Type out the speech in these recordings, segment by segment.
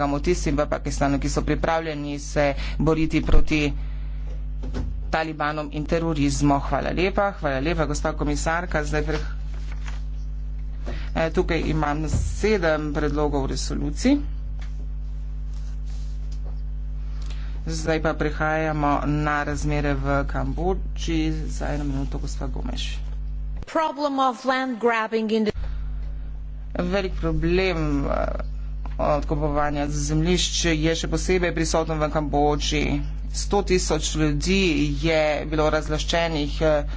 pomagamo tistim v Pakistanu, ki so pripravljeni se boriti proti talibanom in terorizmu. Hvala lepa, hvala lepa, gospa komisarka. Zdaj vrh. Eh, tukaj imam sedem predlogov resoluciji. Zdaj pa prihajamo na razmere v Kambodži. Za eno minuto, gospa Gomeš. Problem of land grabbing in the... Velik problem uh, odkupovanja zemljišč je še posebej prisotno v Kambodži. 100 tisoč ljudi je bilo razlaščenih eh,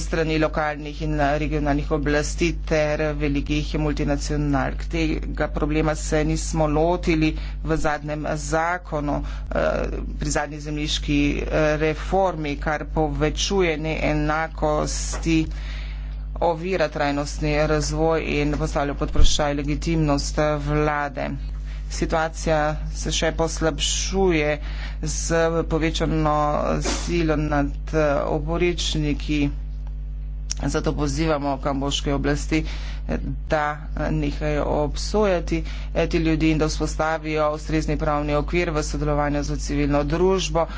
strani lokalnih in eh, regionalnih oblasti ter velikih multinacionalk. Tega problema se nismo lotili v zadnjem zakonu eh, pri zadnji zemljiški reformi, kar povečuje neenakosti ovira trajnostni razvoj in postavlja pod vprašaj legitimnost vlade. Situacija se še poslabšuje z povečano silo nad eh, oboričniki, zato pozivamo kamboške oblasti, eh, da eh, nehajo obsojati ti ljudi in da vzpostavijo ustrezni pravni okvir v sodelovanju z civilno družbo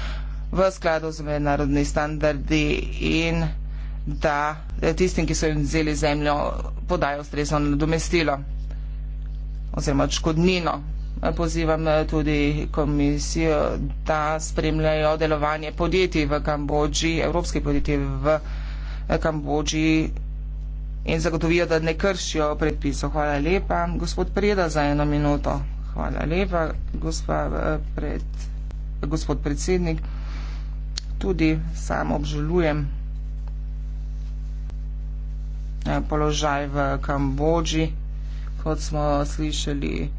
v skladu z mednarodni standardi in da tistim, ki so jim vzeli zemljo, podajo ustrezno nadomestilo oziroma škodnino. Pozivam eh, tudi komisijo, da spremljajo delovanje podjetij v Kambodži, evropskih podjetij v eh, Kambodži in zagotovijo, da ne kršijo predpisov. Hvala lepa. Gospod Preda za eno minuto. Hvala lepa, gospa, eh, pred, gospod predsednik. Tudi sam obžalujem. Eh, položaj v Kambodži. Kot smo slišali,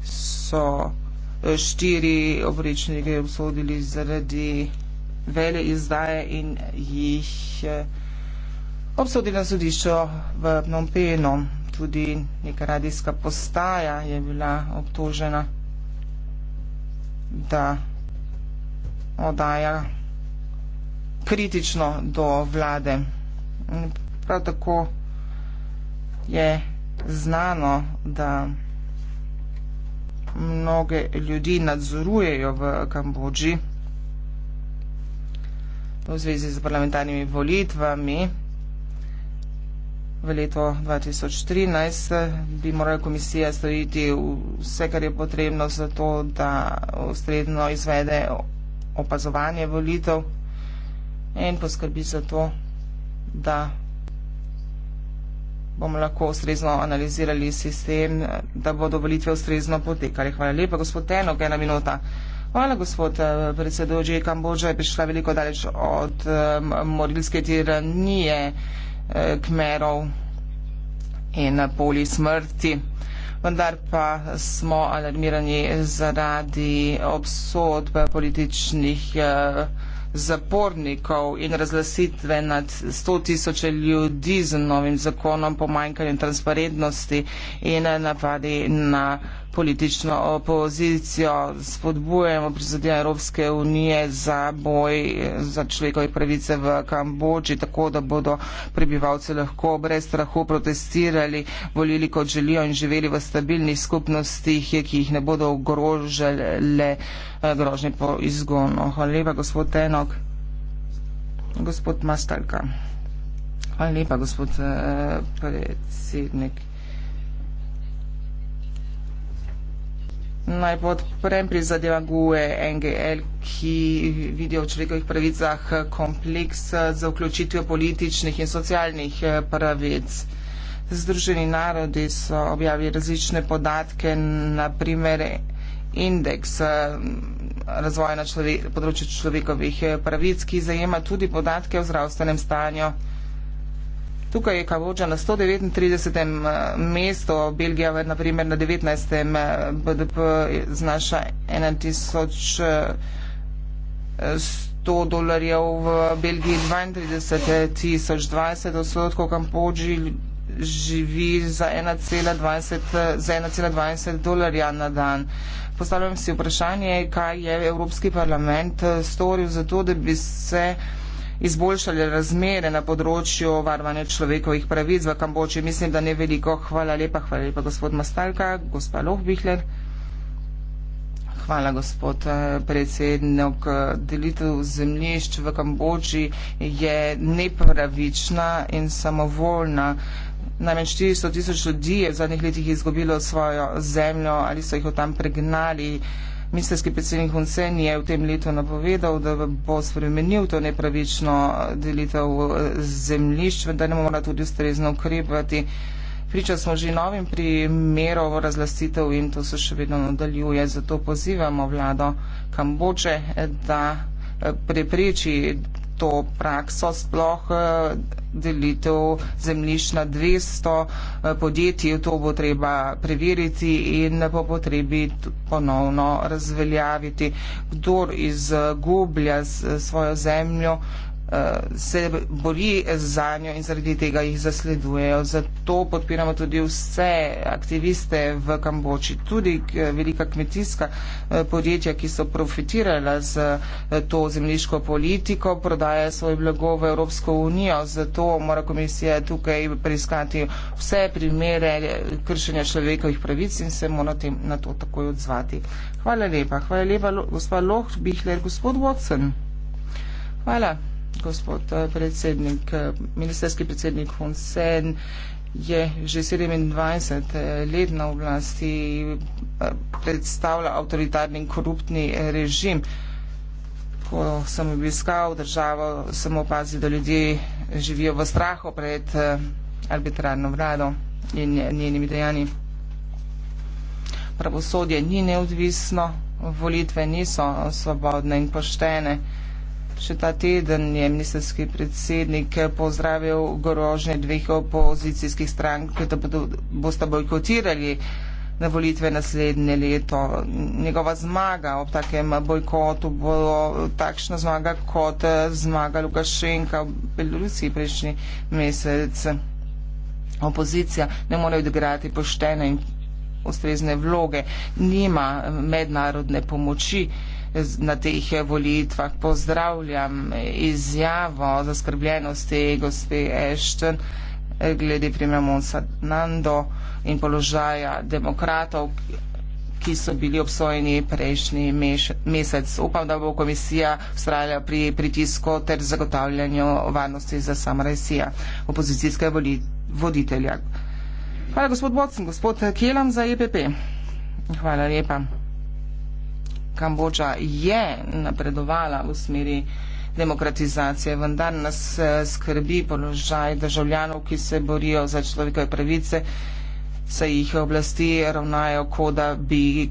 so eh, štiri opričnike obsodili zaradi vele izdaje in jih eh, obsodili na sodišču v Pnompenu. Tudi neka radijska postaja je bila obtožena, da odaja kritično do vlade. Prav tako je znano, da mnoge ljudi nadzorujejo v Kambodži v zvezi z parlamentarnimi volitvami. V letu 2013 bi morala komisija storiti vse, kar je potrebno za to, da ustredno izvede opazovanje volitev in poskrbi za to, da bomo lahko ustrezno analizirali sistem, da bodo volitve ustrezno potekali. Hvala lepa, gospod Tenok, ena minuta. Hvala, gospod eh, predsedujoči. Kambodža je prišla veliko daleč od eh, morilske tiranije eh, kmerov in poli smrti. Vendar pa smo alarmirani zaradi obsodb političnih eh, zapornikov in razglasitve nad 100 tisoče ljudi z novim zakonom, pomanjkanjem transparentnosti in napadi na politično opozicijo. Spodbujemo prizadeva Evropske unije za boj za človekove pravice v Kambodži, tako da bodo prebivalci lahko brez strahu protestirali, volili kot želijo in živeli v stabilnih skupnostih, ki jih ne bodo ogrožile eh, grožnje po izgonu. Hvala lepa, gospod Tenok. Gospod Mastalka. Hvala lepa, gospod eh, predsednik. naj podprem prizadeva GUE NGL, ki vidijo v človekovih pravicah kompleks za vključitvijo političnih in socialnih eh, pravic. Združeni narodi so objavili različne podatke, naprimer indeks eh, razvoja na človek, področju človekovih eh, pravic, ki zajema tudi podatke o zdravstvenem stanju. Tukaj je Kambodža na 139. Eh, mestu, Belgija na primer na 19. Eh, BDP znaša 1100 eh, dolarjev, v Belgiji 32, 1020 odstotkov, v Kambodži živi za 1,20 dolarja na dan. Postavljam si vprašanje, kaj je Evropski parlament storil za to, da bi se izboljšale razmere na področju varovanja človekovih pravic v Kambočiji. Mislim, da ne veliko. Hvala lepa, hvala lepa gospod Mastalka, gospa Lohbihler. Hvala, gospod eh, predsednik. Delitev zemljišč v Kambočiji je nepravična in samovoljna. Namreč 400 tisoč ljudi je v zadnjih letih izgubilo svojo zemljo ali so jih od tam pregnali. Ministrski predsednik Hunsen je v tem letu napovedal, da bo spremenil to nepravično delitev eh, zemljišč, da ne mora tudi ustrezno ukrepati. Priča smo že novim primerom razlastitev in to se še vedno nadaljuje. Zato pozivamo vlado Kamboče, eh, da eh, prepreči to prakso sploh delitev zemljišč na 200 eh, podjetij. To bo treba preveriti in po potrebi ponovno razveljaviti. Kdor izgublja svojo zemljo, se bori za njo in zaradi tega jih zasledujejo. Zato podpiramo tudi vse aktiviste v Kamboči, tudi eh, velika kmetijska eh, podjetja, ki so profitirala z eh, to zemljiško politiko, prodaja svoje blago v Evropsko unijo. Zato mora komisija tukaj preiskati vse primere kršenja človekovih pravic in se mora tem, na to takoj odzvati. Hvala lepa. Hvala lepa, gospod Loh, Bihler, gospod Watson. Hvala gospod eh, predsednik, eh, ministerski predsednik Hun Sen je že 27 eh, let na oblasti predstavlja avtoritarni in koruptni režim. Ko sem obiskal državo, sem opazil, da ljudje živijo v strahu pred arbitrarno vlado in njenimi dejanji. Pravosodje ni neodvisno, volitve niso svobodne in poštene. Še ta teden je ministerski predsednik pozdravil grožnje dveh opozicijskih strank, da boste bojkotirali na volitve naslednje leto. Njegova zmaga ob takem bojkotu bo takšna zmaga kot zmaga Lukašenka v Belorusiji prejšnji mesec. Opozicija ne more odigrati poštene in ustrezne vloge, nima mednarodne pomoči na teh volitvah. Pozdravljam izjavo zaskrbljenosti gospe Ešten eh, glede primera Monsa Nando in položaja demokratov, ki so bili obsojeni prejšnji meš, mesec. Upam, da bo komisija vztrajala pri pritisku ter zagotavljanju varnosti za sam Rajsija, opozicijske voditelja. Hvala, gospod Bocin, gospod Kelam za EPP. Hvala lepa. Kambodža je napredovala v smeri demokratizacije, vendar nas eh, skrbi položaj državljanov, ki se borijo za človekove pravice, se jih oblasti ravnajo, kot da bi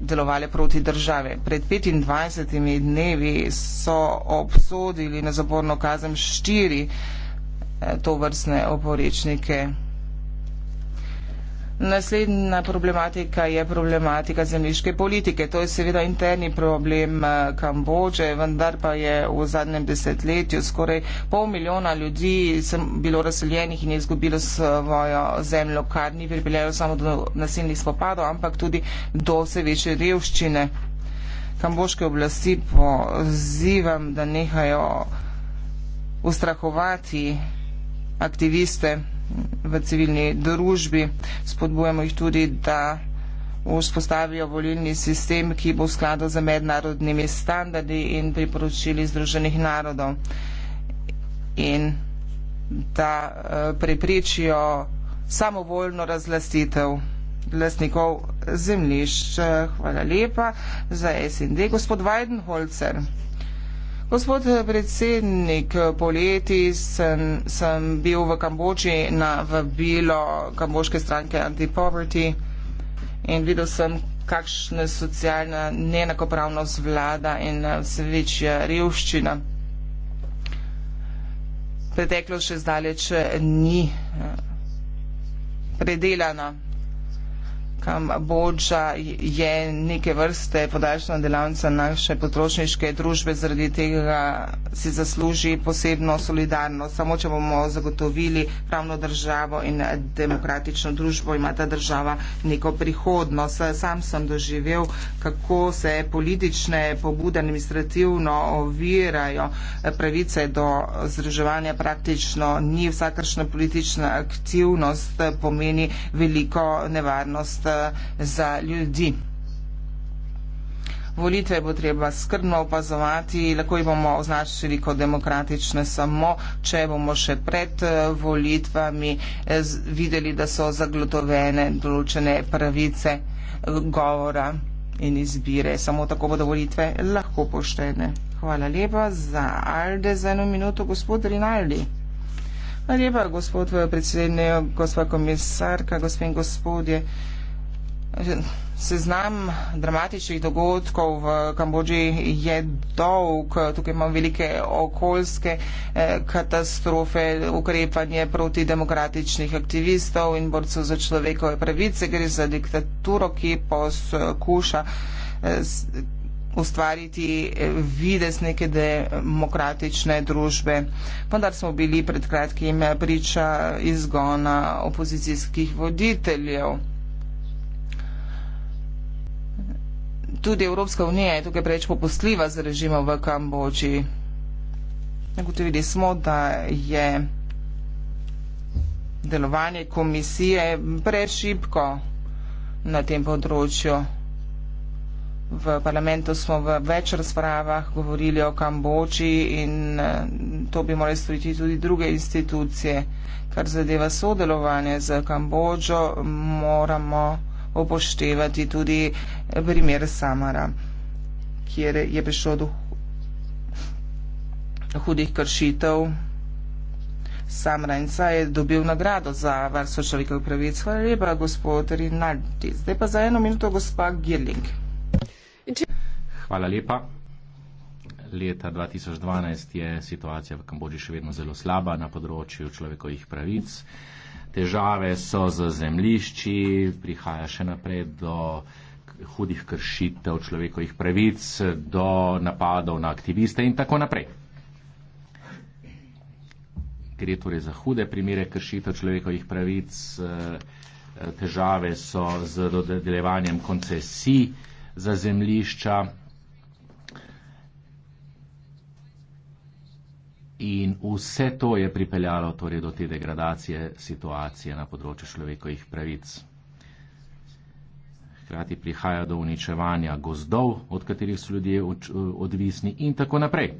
delovali proti države. Pred 25 dnevi so obsodili na zaporno kazen štiri eh, to vrstne oporečnike. Naslednja problematika je problematika zemljiške politike. To je seveda interni problem eh, Kambođe, vendar pa je v zadnjem desetletju skoraj pol milijona ljudi bilo razseljenih in je izgubilo svojo zemljo, kar ni pripeljalo samo do nasilnih spopadov, ampak tudi do vse večje revščine. Kambožke oblasti pozivam, da nehajo ustrahovati aktiviste v civilni družbi. Spodbujamo jih tudi, da vzpostavijo volilni sistem, ki bo v skladu z mednarodnimi standardi in priporočili Združenih narodov in da eh, prepričijo samovoljno razlastitev lastnikov zemljišč. Hvala lepa za SND. Gospod Weidenholzer. Gospod predsednik, poleti sem, sem bil v Kambodži na vabilo kambodžke stranke Anti-Poverty in videl sem, kakšna socialna neenakopravnost vlada in vse eh, večja revščina. Preteklost še zdaleč eh, ni eh, predelana. Kambodža je neke vrste podaljšana delavnica naše potrošniške družbe, zaradi tega si zasluži posebno solidarnost. Samo če bomo zagotovili pravno državo in demokratično družbo, ima ta država neko prihodnost. Sam sem doživel, kako se politične pobude administrativno ovirajo pravice do združevanja. Praktično ni vsakršna politična aktivnost pomeni veliko nevarnost Eh, za ljudi. Volitve bo treba skrbno opazovati, lahko jih bomo označili kot demokratične samo, če bomo še pred eh, volitvami eh, videli, da so zagotovene določene pravice govora in izbire. Samo tako bodo volitve lahko poštene. Hvala lepa za Alde za eno minuto, gospod Rinaldi. Hvala lepa, gospod predsednik, gospod komisarka, gospod in gospodje. Seznam dramatičnih dogodkov v Kambodži je dolg. Tukaj imamo velike okoljske eh, katastrofe, ukrepanje proti demokratičnih aktivistov in borcev za človekove pravice. Gre za diktaturo, ki poskuša eh, ustvariti eh, vides neke demokratične družbe. Vendar smo bili pred kratkim priča izgona opozicijskih voditeljev. tudi Evropska unija je tukaj preveč popustljiva z režimom v Kambodži. Ugotovili smo, da je delovanje komisije prešipko na tem področju. V parlamentu smo v več razpravah govorili o Kambodži in eh, to bi morali storiti tudi druge institucije. Kar zadeva sodelovanje z Kambodžo, moramo upoštevati tudi primer Samara, kjer je prišlo do hudih kršitev. Sam Renca je dobil nagrado za varstvo človekovih pravic. Hvala lepa, gospod Rinaldi. Zdaj pa za eno minuto, gospa Girling. Hvala lepa. Leta 2012 je situacija v Kambodži še vedno zelo slaba na področju človekovih pravic. Uh, težave so z zemlišči, prihaja še naprej do hudih kršitev človekovih pravic, do napadov na aktiviste in tako naprej. Gre torej za hude primere kršitev človekovih pravic, eh, težave so z dodeljevanjem koncesij za zemlišča, In vse to je pripeljalo torej do te degradacije situacije na področju človekovih pravic. Hkrati prihaja do uničevanja gozdov, od katerih so ljudje odvisni in tako naprej.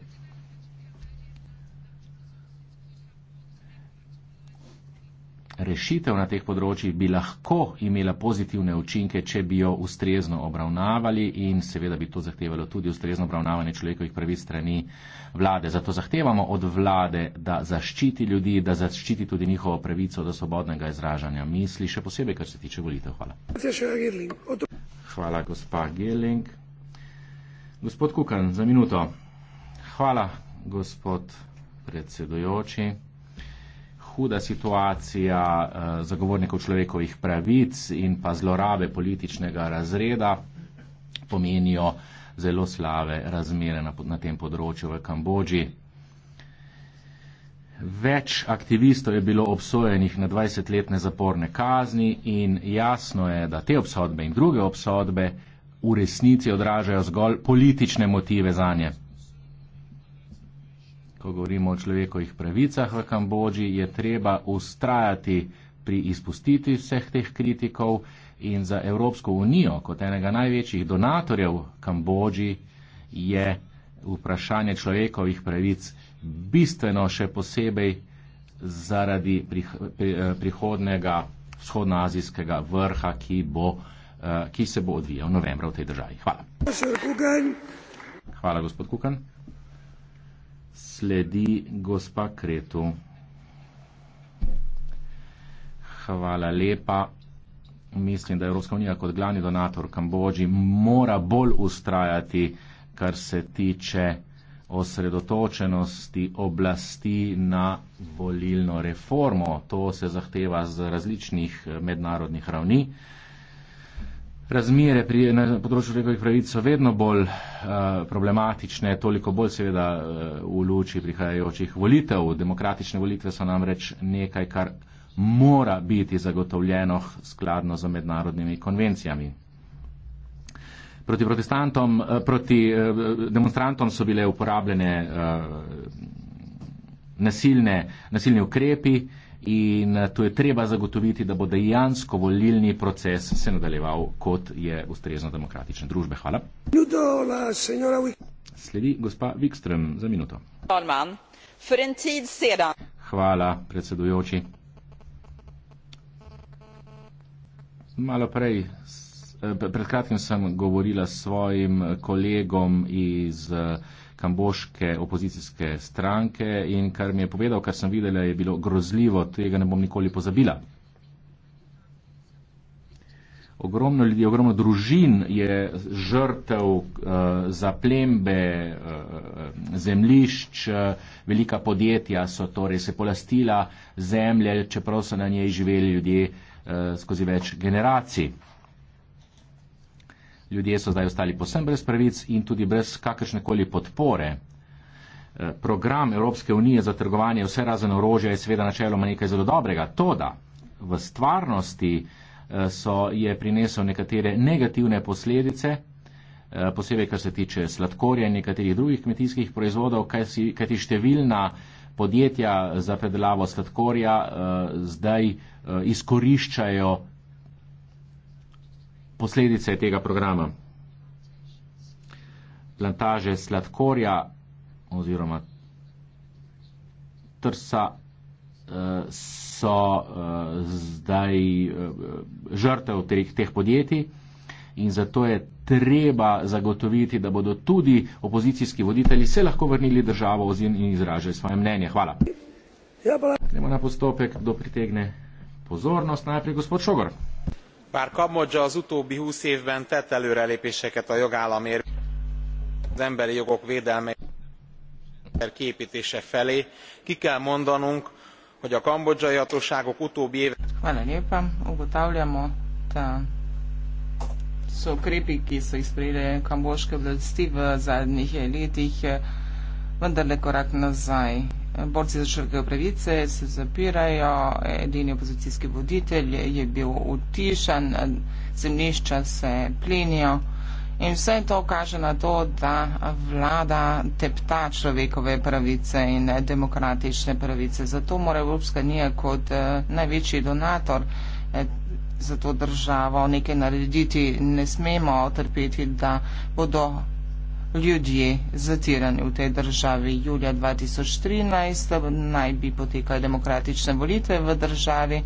rešitev na teh področjih bi lahko imela pozitivne učinke, če bi jo ustrezno obravnavali in seveda bi to zahtevalo tudi ustrezno obravnavanje človekovih pravic strani vlade. Zato zahtevamo od vlade, da zaščiti ljudi, da zaščiti tudi njihovo pravico do svobodnega izražanja misli, še posebej, kar se tiče volitev. Hvala. Hvala, gospa Geling. Gospod Kukan, za minuto. Hvala, gospod predsedujoči huda situacija eh, zagovornikov človekovih pravic in pa zlorabe političnega razreda pomenijo zelo slave razmere na, na tem področju v Kambodži. Več aktivistov je bilo obsojenih na 20-letne zaporne kazni in jasno je, da te obsodbe in druge obsodbe v resnici odražajo zgolj politične motive za nje ko govorimo o človekovih pravicah v Kambodži, je treba ustrajati pri izpustiti vseh teh kritikov in za Evropsko unijo kot enega največjih donatorjev Kambodži je vprašanje človekovih pravic bistveno še posebej zaradi prih, pri, eh, prihodnega vzhodnoazijskega vrha, ki, bo, eh, ki se bo odvijal novembra v tej državi. Hvala. Hvala, gospod Kukan. Sledi gospa Kretu. Hvala lepa. Mislim, da Evropska unija kot glavni donator Kambođi mora bolj ustrajati, kar se tiče osredotočenosti oblasti na volilno reformo. To se zahteva z različnih mednarodnih ravni. Razmere pri, na področju človekovih pravic so vedno bolj uh, problematične, toliko bolj seveda uh, v luči prihajajočih volitev. Demokratične volitve so namreč nekaj, kar mora biti zagotovljeno skladno z mednarodnimi konvencijami. Proti protestantom, uh, proti uh, demonstrantom so bile uporabljene uh, nasilne, nasilne ukrepi. Uh, in eh, tu je treba zagotoviti, da bo dejansko volilni proces se nadaljeval, kot je ustrezno demokratične družbe. Hvala. Sledi gospa Wikström za minuto. Hvala, predsedujoči. Malo prej, eh, pred kratkim sem govorila s svojim kolegom iz eh, kamboške opozicijske stranke in kar mi je povedal, kar sem videla, je bilo grozljivo, tega ne bom nikoli pozabila. Ogromno ljudi, ogromno družin je žrtev uh, eh, za plembe, uh, eh, zemlišč, uh, eh, velika podjetja so torej se polastila zemlje, čeprav so na njej živeli ljudje uh, skozi več generacij ljudje so zdaj ostali posem brez pravic in tudi brez kakršnekoli podpore. E, program Evropske unije za trgovanje vse razen orožja je seveda načeloma nekaj zelo dobrega. To, da v stvarnosti e, so, je prinesel nekatere negativne posledice, e, posebej kar se tiče sladkorja in nekaterih drugih kmetijskih proizvodov, kajti kaj številna podjetja za predelavo sladkorja zdaj izkoriščajo posledice tega programa. Plantaže sladkorja oziroma trsa eh, so eh, zdaj eh, žrtev teh, teh podjetij in zato je treba zagotoviti, da bodo tudi opozicijski voditelji se lahko vrnili državo in izražali svoje mnenje. Hvala. Ja, Gremo na postopek, kdo pritegne pozornost. Najprej gospod Šogor bár kambodzsa az utóbbi húsz évben tett előrelépéseket a jogállam érvényestése az emberi jogok védelme és a demokratikus rendszer kiéptése felé ki kell mondanunk hogy a kambodzsai hatóságok utóbbi években borci za človekove pravice se zapirajo, edini opozicijski voditelj je bil utišan, zemlišča se plenijo in vse to kaže na to, da vlada tepta človekove pravice in demokratične pravice. Zato mora Evropska unija kot eh, največji donator eh, za to državo nekaj narediti. Ne smemo trpeti, da bodo ljudje zatirani v tej državi. Julija 2013 naj bi potekali demokratične volitve v državi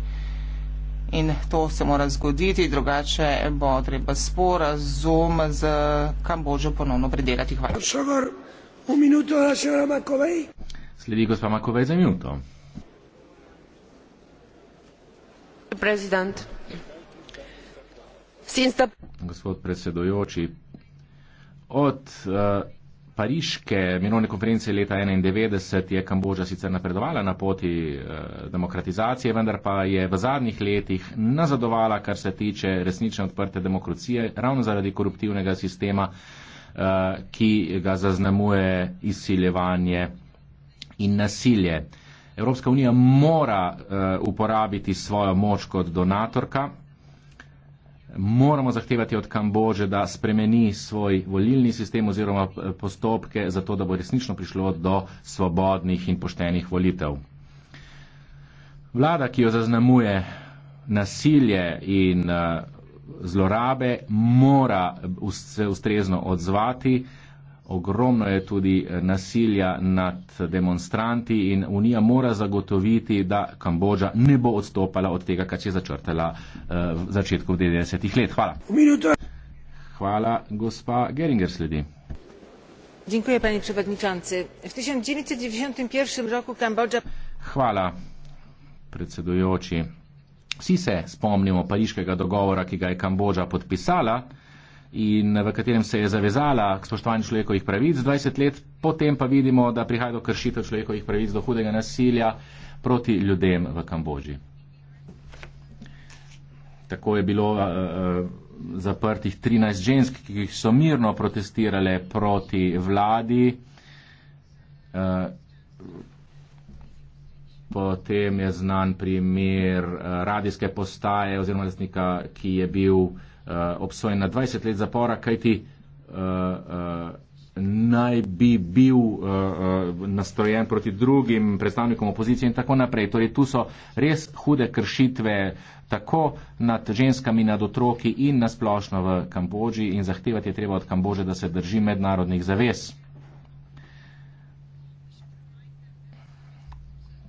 in to se mora zgoditi, drugače bo treba sporazum z Kambožo ponovno predelati. Hvala. Odgovor, v minuto, gospa Makovej. Sledi gospa Makovej za minuto. Gospod predsedujoči, Od uh, pariške mirovne konference leta 1991 je Kambodža sicer napredovala na poti uh, demokratizacije, vendar pa je v zadnjih letih nazadovala, kar se tiče resnične odprte demokracije, ravno zaradi koruptivnega sistema, uh, ki ga zaznamuje izsiljevanje in nasilje. Evropska unija mora uh, uporabiti svojo moč kot donatorka moramo zahtevati od Kambože, da spremeni svoj volilni sistem oziroma eh, postopke, zato da bo resnično prišlo do svobodnih in poštenih volitev. Vlada, ki jo zaznamuje nasilje in uh, zlorabe, mora eh, se ustrezno odzvati. Uh, ogromno je tudi eh, nasilja nad demonstranti in Unija mora zagotoviti, da Kambodža ne bo odstopala od tega, kar je začrtala eh, v začetku 90-ih let. Hvala. Hvala, gospa Geringer sledi. Dziękuję, panie przewodniczący. W 1991 roku Kambodża. Chwala, predsedujący. Wszyscy się spomnimy paryskiego dogovora, ki ga je Kambodża podpisała in v katerem se je zavezala k spoštovanju človekovih pravic 20 let, potem pa vidimo, da prihaja do kršitev človekovih pravic, do hudega nasilja proti ljudem v Kambodži. Tako je bilo uh, zaprtih 13 žensk, ki so mirno protestirale proti vladi. Uh, potem je znan primer uh, radijske postaje oziroma lastnika, ki je bil uh, Eh, obsojen na 20 let zapora, kajti uh, uh, naj bi bil uh, uh, nastrojen proti drugim predstavnikom opozicije in tako naprej. Torej, tu so res hude kršitve tako nad ženskami, nad otroki in nasplošno v Kambodži in zahtevati je treba od Kambože, da se drži mednarodnih zavez.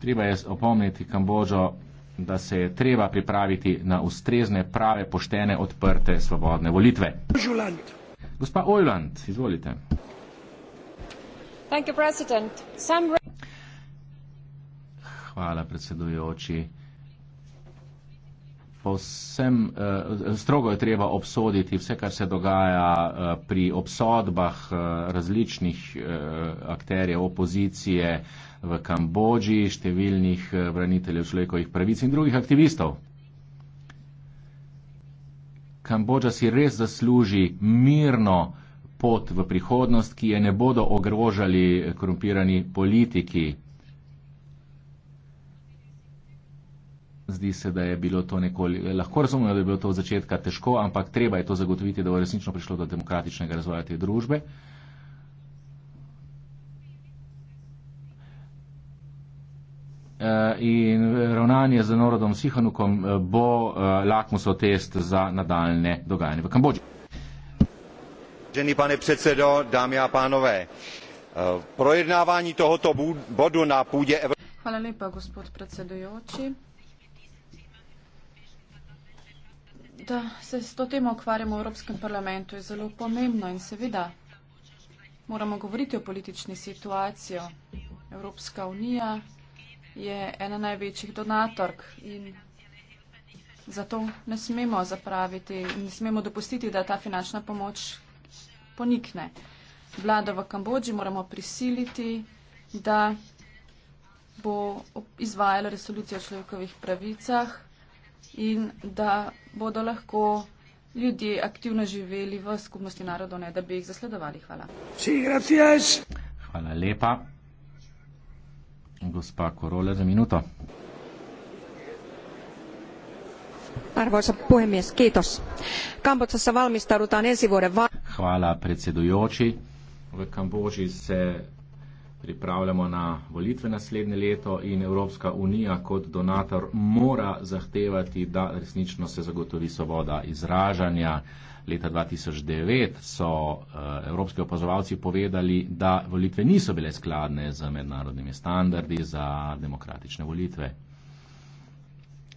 Treba je opomniti Kambožo da se je treba pripraviti na ustrezne, prave, poštene, odprte, svobodne volitve. Žuland. Gospa Ojland, izvolite. Hvala, predsedujoči. Povsem eh, strogo je treba obsoditi vse, kar se dogaja eh, pri obsodbah eh, različnih eh, akterjev opozicije, eh, v Kambodži, številnih eh, braniteljev človekovih pravic in drugih aktivistov. Kambodža si res zasluži mirno pot v prihodnost, ki je ne bodo ogrožali eh, korumpirani politiki. Zdi se, da je bilo to nekoli, lahko razumemo, da je bilo to od začetka težko, ampak treba je to zagotoviti, da bo resnično prišlo do demokratičnega razvoja te družbe. Eh, in ravnanje z narodom Sihanukom eh, bo eh, lakmusov test za nadaljne dogajanje v Kambodži. Vážený pane předsedo, dámy a pánové, projednávání tohoto bodu na půdě Hvala lepa, gospod predsedujoči. Da se s to temo ukvarjamo v Evropskem parlamentu je zelo pomembno in seveda moramo govoriti o politični situaciji. Evropska unija je ena največjih donatork in zato ne smemo zapraviti in ne smemo dopustiti, da ta finančna pomoč ponikne. Vlado v Kambodži moramo prisiliti, da bo izvajala resolucijo o človekovih pravicah in da bodo lahko ljudje aktivno živeli v skupnosti narodov, ne da bi jih zasledovali. Hvala. Hvala lepa. Gospa Korole za minuto. Arvoisa puhemies, kiitos. Kambodžassa valmistaudutaan ensi vuoden va- Hvala predsedujoči. V Kambodži se pripravljamo na volitve naslednje leto in Evropska unija kot donator mora zahtevati, da resnično se zagotovi svoboda izražanja. Leta 2009 so uh, evropski opazovalci povedali, da volitve niso bile skladne z mednarodnimi standardi za demokratične volitve.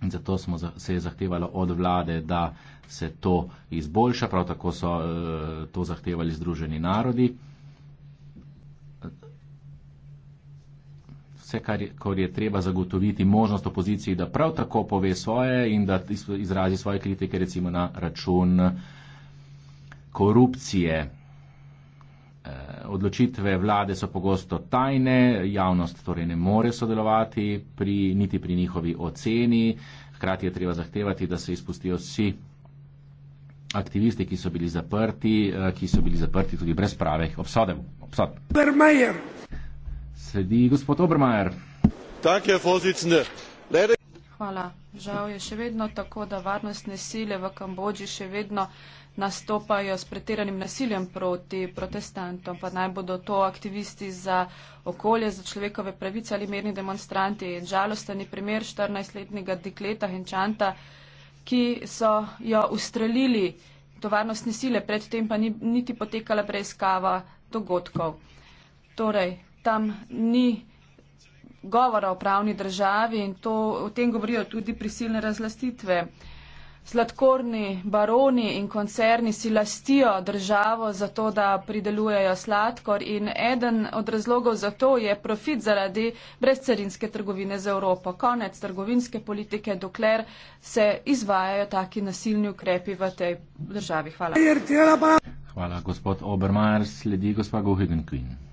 In zato smo za, se je zahtevalo od vlade, da se to izboljša, prav tako so uh, to zahtevali Združeni narodi. vse, kar je, kar je treba zagotoviti možnost opoziciji, da prav tako pove svoje in da izrazi svoje kritike, recimo na račun eh, korupcije. Eh, odločitve vlade so pogosto tajne, javnost torej ne more sodelovati pri, niti pri njihovi oceni. Hkrati je treba zahtevati, da se izpustijo vsi aktivisti, ki so bili zaprti, eh, ki so bili zaprti tudi brez pravih obsodb. Sedi gospod Obermajer. Hvala. Žal je še vedno tako, da varnostne sile v Kambodži še vedno nastopajo s pretiranim nasiljem proti protestantom, pa naj bodo to aktivisti za okolje, za človekove pravice ali mirni demonstranti. Žalosten je primer 14-letnega dekleta Henčanta, ki so jo ustrelili to varnostne sile, predtem pa ni, niti potekala preiskava dogodkov. Torej, tam ni govora o pravni državi in to, o tem govorijo tudi prisilne razlastitve. Sladkorni baroni in koncerni si lastijo državo za to, da pridelujejo sladkor in eden od razlogov za to je profit zaradi brezcarinske trgovine z Evropo. Konec trgovinske politike, dokler se izvajajo taki nasilni ukrepi v tej državi. Hvala. Hvala, gospod Obermajer. Sledi gospa Gohegen-Kvin.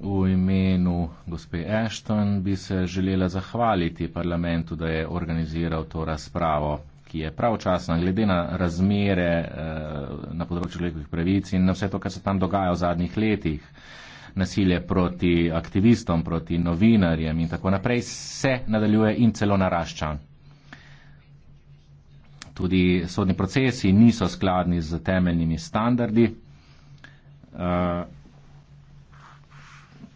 V imenu gospe Ashton bi se želela zahvaliti parlamentu, da je organiziral to razpravo, ki je pravočasna glede na razmere eh, na področju človekovih pravic in na vse to, kar se tam dogaja v zadnjih letih. Nasilje proti aktivistom, proti novinarjem in tako naprej se nadaljuje in celo narašča tudi sodni procesi niso skladni z temeljnimi standardi. Uh,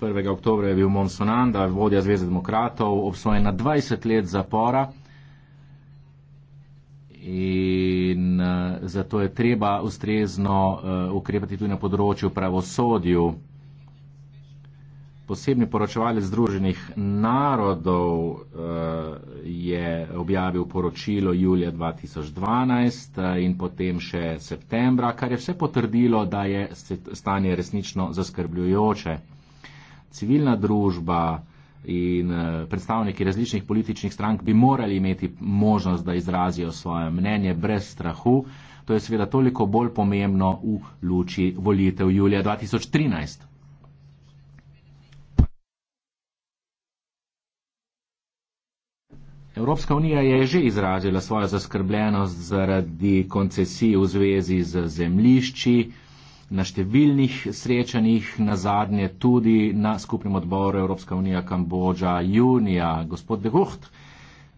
eh, 1. oktobra je bil Monsonanda, vodja Zveze demokratov, obsojen na 20 let zapora in uh, zato je treba ustrezno uh, ukrepati tudi na področju pravosodju. Posebni poročevalec Združenih narodov uh, je objavil poročilo julija 2012 uh, eh, in potem še septembra, kar je vse potrdilo, da je stanje resnično zaskrbljujoče. Civilna družba in uh, predstavniki različnih političnih strank bi morali imeti možnost, da izrazijo svoje mnenje brez strahu. To je seveda toliko bolj pomembno v luči volitev julija 2013. Evropska unija je že izrazila svojo zaskrbljenost zaradi koncesij v zvezi z zemlišči. Na številnih srečanjih, na zadnje tudi na skupnem odboru Evropska unija Kambodža junija, gospod De Gucht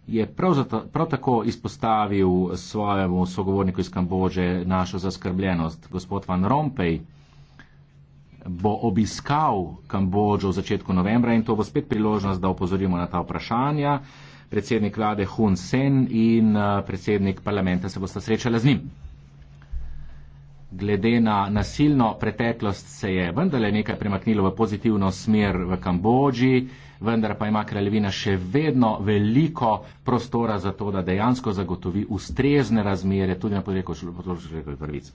je prav, zato, prav tako izpostavil svojemu sogovorniku iz Kambodže našo zaskrbljenost. Gospod Van Rompej bo obiskal Kambodžo v začetku novembra in to bo spet priložnost, da opozorimo na ta vprašanja predsednik vlade Hun Sen in eh, predsednik parlamenta se bosta srečala z njim. Glede na nasilno preteklost se je vendarle nekaj premaknilo v pozitivno smer v Kambodži, vendar pa ima kraljevina še vedno veliko prostora za to, da dejansko zagotovi ustrezne razmere tudi na področju človekovih prvic.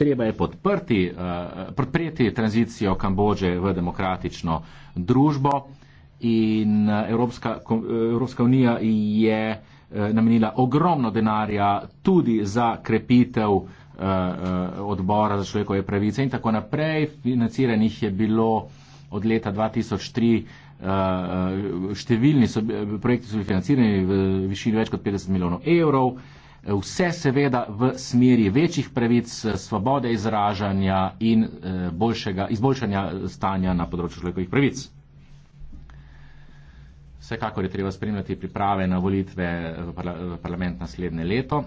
Treba je podprti, eh, podpreti tranzicijo Kambodže v demokratično družbo in eh, Evropska, Evropska unija je eh, namenila ogromno denarja tudi za krepitev eh, odbora za človekove pravice in tako naprej. Financiranih je bilo od leta 2003 številni so, projekti so bili financirani v višini več kot 50 milijonov evrov. Vse seveda v smeri večjih pravic, svobode izražanja in boljšega, izboljšanja stanja na področju človekovih pravic. Vsekakor je treba spremljati priprave na volitve v parlament naslednje leto.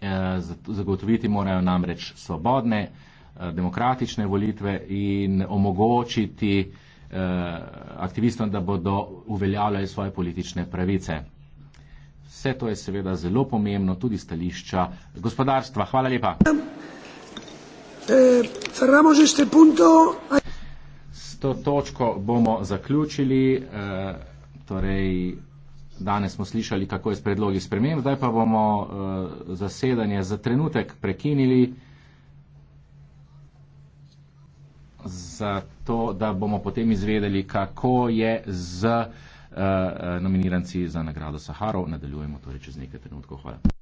Eh, zagotoviti morajo namreč svobodne, eh, demokratične volitve in omogočiti eh, aktivistom, da bodo uveljavljali svoje politične pravice. Vse to je seveda zelo pomembno, tudi stališča gospodarstva. Hvala lepa. Eh, to točko bomo zaključili. Eh, torej, danes smo slišali, kako je s predlogi sprememb, zdaj pa bomo eh, zasedanje za trenutek prekinili. Zato, da bomo potem izvedeli, kako je z uh, nominiranci za nagrado Saharov. Nadaljujemo torej čez nekaj trenutkov. Hvala.